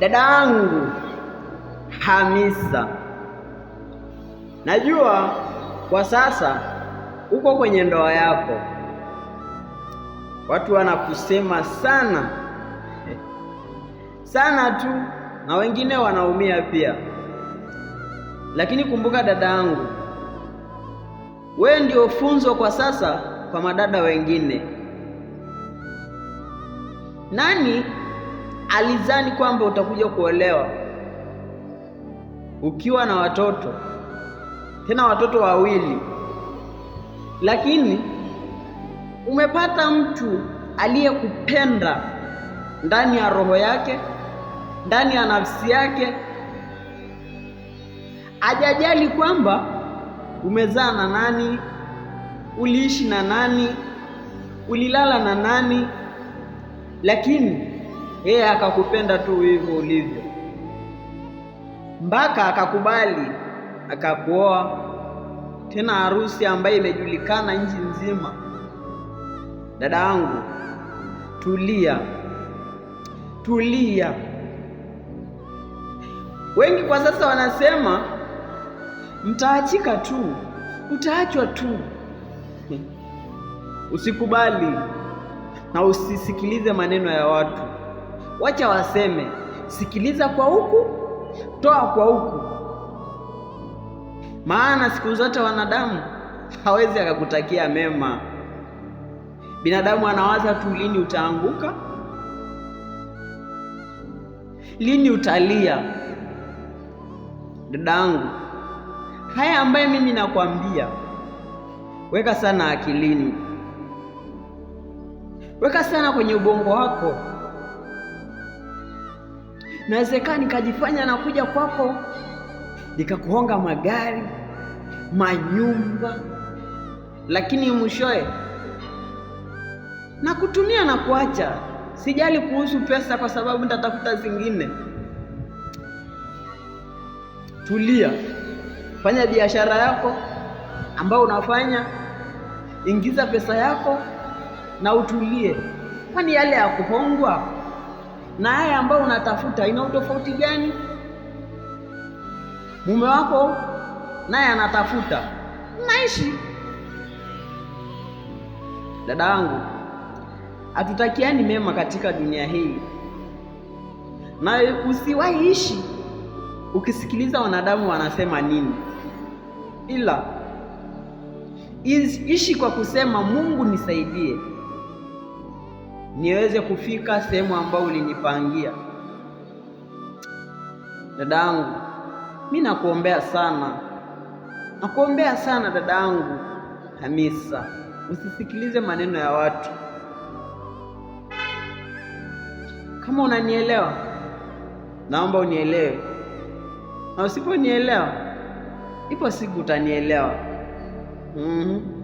dadangu Hamisa, najua kwa sasa uko kwenye ndoa yako, watu wanakusema sana sana tu, na wengine wanaumia pia. Lakini kumbuka dadangu, wewe ndio funzo kwa sasa kwa madada wengine. Nani alizani kwamba utakuja kuolewa ukiwa na watoto, tena watoto wawili, lakini umepata mtu aliyekupenda ndani ya roho yake, ndani ya nafsi yake. Ajajali kwamba umezaa na nani, uliishi na nani, ulilala na nani, lakini yeye akakupenda tu hivyo ulivyo, mpaka akakubali akakuoa, tena harusi ambayo imejulikana nchi nzima. Dada yangu, tulia, tulia. Wengi kwa sasa wanasema mtaachika tu, utaachwa tu. Usikubali na usisikilize maneno ya watu. Wacha waseme, sikiliza kwa huku, toa kwa huku, maana siku zote wanadamu hawezi akakutakia mema. Binadamu anawaza tu lini utaanguka, lini utalia. Dadangu, haya ambayo mimi nakwambia, weka sana akilini, weka sana kwenye ubongo wako. Nawezekana nikajifanya nakuja kwako nikakuhonga magari manyumba, lakini na kutumia na kuacha. Sijali kuhusu pesa, kwa sababu nitatafuta zingine. Tulia, fanya biashara yako ambayo unafanya, ingiza pesa yako na utulie, kwani yale ya kuhongwa na haya ambayo unatafuta ina utofauti gani? Mume wako naye anatafuta, naishi. Dada wangu, hatutakiani mema katika dunia hii, na usiwahi ishi ukisikiliza wanadamu wanasema nini, ila ishi kwa kusema Mungu nisaidie niweze kufika sehemu ambayo ulinipangia. Dadangu, mimi nakuombea sana, nakuombea sana dadangu Hamisa, usisikilize maneno ya watu. Kama unanielewa, naomba unielewe, na usiponielewa, ipo siku utanielewa. mm -hmm.